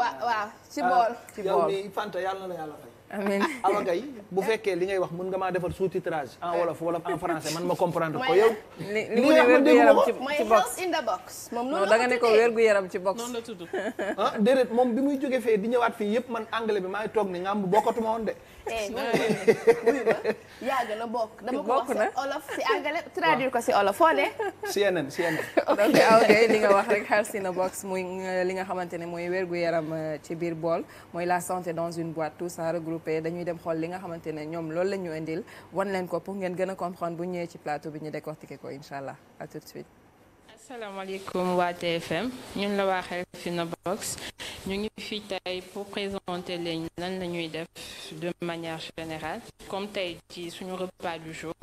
waaw waaw ci bool. ci ah, yow mii Fanta na la yàlla amiin awa kay bu fekkee li ngay wax mën nga maa defal sous-titrage en wolof wolof en français man ma comprendre ko yow. li li mu ne wér gu yaram ci box health in the box. moom noonu da nga ne ko wér gu yaram ci box. noonu la tudd ah déedéet moom bi muy jóge fee di ñëwaat fii yëpp man anglais bi maa ngi toog ni nga xam bokkatuma woon de. Eh, yàgg na bokk dama ko wax si olof si anglais traduire ko si olof foo ne. CNN CNN. donc aw kay li nga wax rek health in the box muy euh, li nga xamante ne mooy wér gu yaram euh, ci biir bool mooy la santé dans une boîte tout ça regroupe regroupé dañuy dem xool li nga xamante ne ñoom loolu la ñu indil wan leen ko pour ngeen gën a comprendre bu ñëwee ci plateau bi ñu décortiquer ko incha allah à tout de suite. asalaamaaleykum waa TFM ñun la waa Xelfina Box ñu ngi fi tey pour présenter leen lan la ñuy def de manière générale comme tey ci suñu repas du jour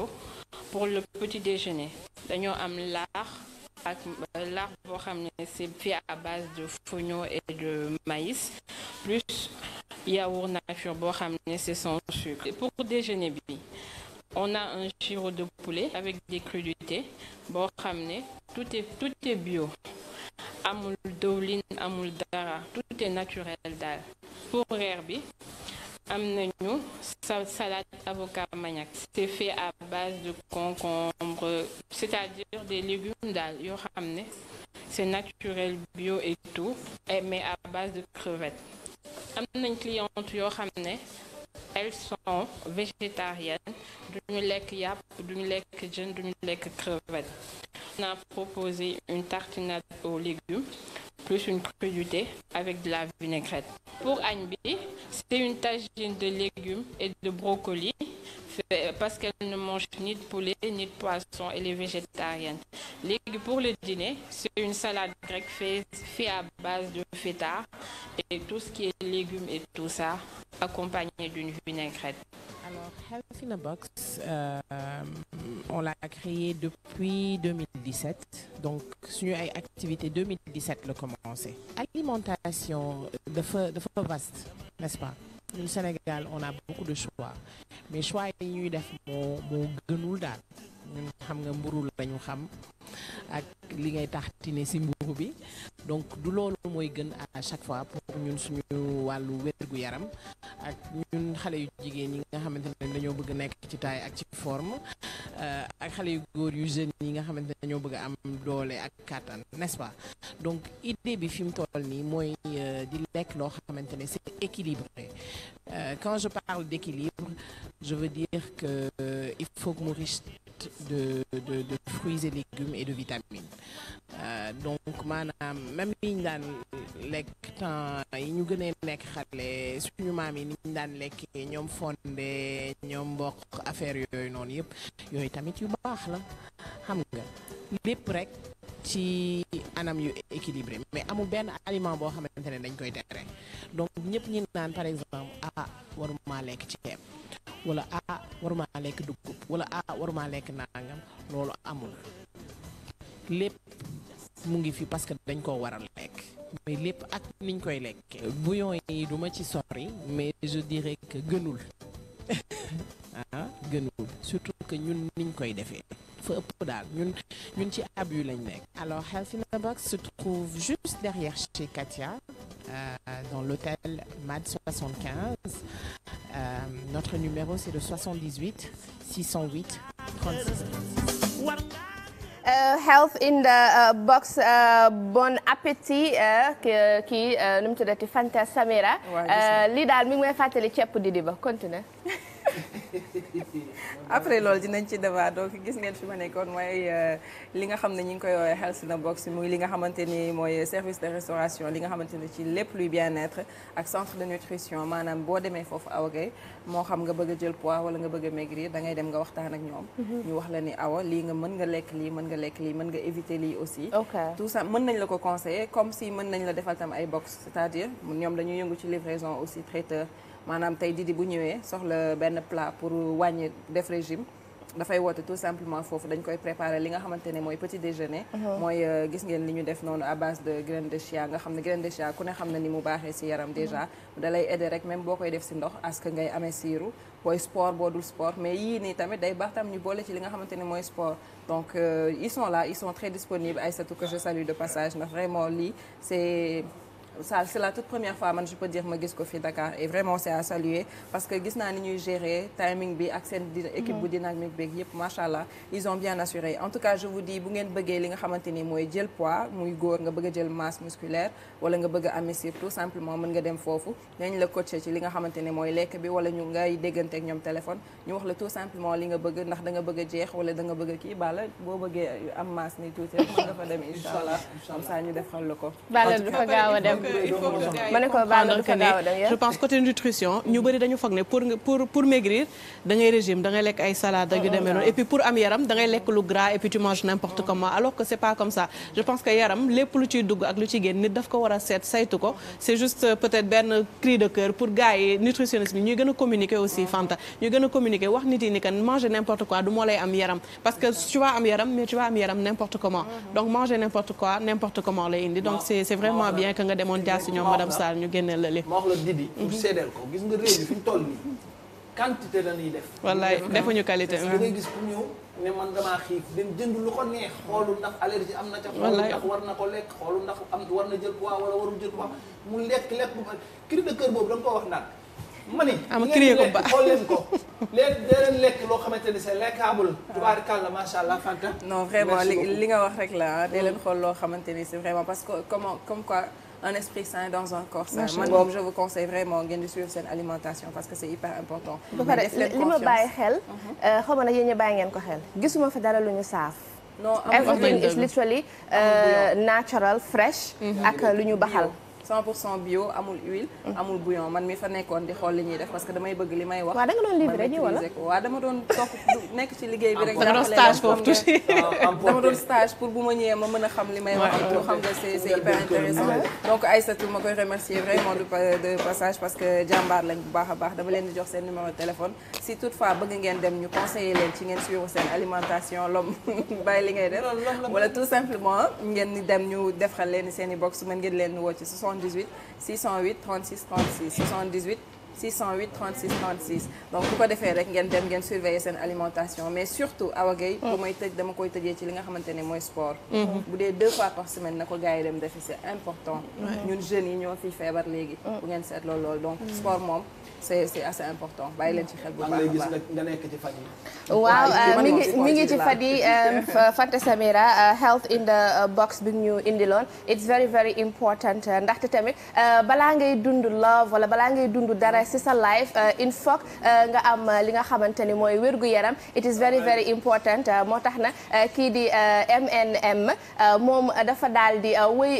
pour le petit déjeuner dañoo am laax ak euh, laax boo xam ne c'est fait à base de fonio et de maïs plus yaourt nature boo xam ne c'est sans sucre. pour déjeuner bi on a un chiro de poulet avec des crudités boo xam ne tout est tout est bio amul dëwlin amul dara tout est naturel daal. pour reer bi am nañu salade avocat maniaque. c'est fait à base de concombre c'est-à-dire des légumes daal yoo c'est naturel bio et tout mais à base de crevettes. am nañ cliente yoo xam ne elles sont végétariennes duñu lekk yàpp duñu lekk jën du lekk crevette on a proposé une tartinade aux légumes plus une crudité avec de la vinaigrette pour añ bi c'est une tagine de légumes et de brocolis parce qu'elle ne mange ni de poulet ni de poisson elle est végétarienne léegi pour le dîner c'est une salade grecque faite fait à base de feta et tout ce qui est légumes et tout ça accompagné d'une vinaigrette alors Health in a Box euh, on l'a créé depuis donc suñu ay activité 2017 la commencé alimentation dafa dafa vaste n'est-ce pas ñun Sénégal on a beaucoup de choix mais choix yi ñuy def moo moo gënul daal ñun xam nga mburu lañu xam ak li ngay taxtine ci mbuur bi donc du loolu mooy gën à chaque fois pour ñun suñu wàllu gu yaram ak ñun xale yu jigéen yi nga xamante ne dañoo bëgg nekk ci taay ak ci forme euh, ak xale yu góor yu jeunes yi nga xamante ne dañoo bëgg am doole ak kàttan n'est-ce donc idée bi fi mu toll nii mooy euh, di lekk loo xamante ne c'est équilibré euh, quand je parle d'équilibre je veux dire que il faut que mu riche de, de, de fruits et légumes et de vitamines euh, donc maanaam même yi ñu daan lekk temps yi ñu gënee nekk xale suñu maam yi ni ñu daan lekkee ñoom fonde ñoom mboq affaire yooyu noonu yëpp yooyu tamit yu baax la xam nga lépp rek ci anam yu équilibré mais amu benn aliment boo xamante ne dañ koy tere donc ñëpp ñi naan par exemple ah waruma lekk ceeb wala ah waruma maa lekk dugub wala ah war maa lekk nangam loolu amul lépp mu ngi fi parce que dañ koo waral a lekk mais lépp ak niñ koy lekkee bouillon yi duma ci sori mais je dirais que gënul ah gënul surtout que ñun niñ koy defee fa ëpp daal ñun ñun ci ab yu lañ nekk alors Healthina Box se trouve juste derrière chez Katia euh, dans l'hôtel Mad Notre numéro, c'est le 78 608 36. Uh, health in the uh, box uh, bon appétit euh, kii euh, nu mu tuddati Fanta Samira. Euh, lii daal mi ngi may fàttali ceeb di di ba continue après loolu dinañ ci débat donc gis ngeen fi ma nekkoon mooy euh, li nga xam ne ñu ngi koy woowee Health in a Box muy li nga xamante ni mooy service de restauration li nga xamante ni ci lépp lu bien-être ak centre de nutrition maanaam boo demee foofu awa gay moo xam nga bëgg a jël poids wala nga bëgg a maigrir da ngay dem nga waxtaan ak ñoom. Mm-hmm. ñu wax la ni awa li nga mën nga lekk lii mën nga lekk lii mën nga éviter li aussi. tout mën nañ la ko conseiller comme si mën nañ la defal tam ay box cest ñoom dañuy yëngu ci livraison aussi traiteur. maanaam tey Didi bu ñëwee soxla benn plat pour wàññi def régime dafay woote tout simplement foofu dañ koy préparer li nga xamante ne mooy petit déjeuner. Uh-huh. mooy euh, gis ngeen li ñu def noonu à base de graines de chia nga xam ne graines de chia ku ne xam na ni mu baaxee si yaram déjà. Uh-huh. da lay aider rek même boo koy def si ndox aska ngay amee siiru booy sport boo dul sport mais yii nii tamit day baax tam ñu boole ci li nga xamante ne mooy sport. donc euh, ils sont là ils sont très disponibles Aïssatou que je salue de passage ça c'est la toute première fois man je peux dire ma gis ko fii Dakar et vraiment c'est saluer parce que gis naa ni ñuy gérer timing bi ak seen équipe bu dynamique beeg yëpp macha allah bien assuré en tout cas je bu ngeen bëggee li nga xamante mooy jël poids muy góor nga bëgg a jël masse musculaire wala nga bëgg a amincir tout simplement mën nga dem foofu nañ la coacher ci li nga xamante mooy lekk bi wala ngay déggante ak ñoom téléphone da a jeex wala da nga bëgg a il je pense côté nutrition ñu bëri dañu foog ne pour maigrir da régime da lekk ay salade ak yu noonu et puis pour am yaram da lekk lu gras et puis tu manges n'importe oh. comment alors que c'est pas comme ça juste euh, peut-être benn cri de cœur pour gars yi ñuy gën communiquer aussi Fanta ñuy gën communiquer wax nit yi ni kan manger n'importe quoi du moo lay am yaram parce que tu vas am yaram mais tu vas am yaram n'importe mm-hmm. quoi n'importe mondial si ñoom madame Sall ñu génnee la lépp. ma wax la Didi. pour seedeel ko gis nga réew bi fi toll nii quantité la ñuy def. wallaay defuñu qualité. parce que ngay gis ku ñëw ne man damaa xiif dem jënd lu ko neex xoolul ndax allergie am na ca. xoolul ndax war na ko lekk xoolul ndax am war na jël poids wala warul jël poids mu lekk lekk bu cri de boobu da nga wax naan ma am crier ko ba xool leen ko léegi lekk loo xamante ni c'est lekkable tubaarkàlla macha allah Fanta non vraiment li nga wax rek la ah leen mm. xool loo xamante ni c'est vraiment parce que comment comme quoi un esprit sain dans un corps moom je vous conseille vraiment ngeen di suivre seen alimentation parce que c'est hyper important. ba pare li ma bàyyi xel. Mhm. Euh, xaw ma nag ngeen ko xel. gisuma fi dara lu ñu saaf. non everything is literally euh, natural fresh. Mhm. ak lu ñu baxal. 100% bio amul huile. amul bouillon man mi fa nekkoon di xool li ñuy def parce que damay bëgg li may wax. waaw da nga doon livrer ji wala nekk ci liggéey bi rek. da nga dama doon stage pour bu ma ñëwee ma mën a xam li may wax. waaw xam nga c'est hyper intéressant donc Aïssatou ma koy remercier vraiment de passage parce que jàmbaar lañ bu baax a baax dama leen di jox seen numéro de téléphone si toutefois bëgg ngeen dem ñu conseiller leen ci ngeen suivre seen alimentation li ngay def. wala tout simplement ngeen dem ñu defal leen seen i box mën 78 608 36 36 78 608 36 36 donc bu ko defee rek ngeen dem ngeen surveiller seen alimentation mais surtout Awa Gueye bu oh. may tëj dama koy tëjee ci li nga xamante ne mooy sport mm-hmm. bu dee deux fois par semaine na ko gars dem defi c'est important ñun jeunes yi ñoo fiy feebar léegi oh. bu ngeen seet loolu loolu donc mm. sport moom c'est assez important bàyyi leen ci xel bu baax a bi ñu indiloon it's very very important euh, ndaxte tamit euh, balaa ngay dund love wala balaa ngay rek si sa life uh, il faut uh, nga am uh, li nga xamante ni mooy wérgu yaram it is very very important moo tax na kii di MNM moom dafa daal di wëy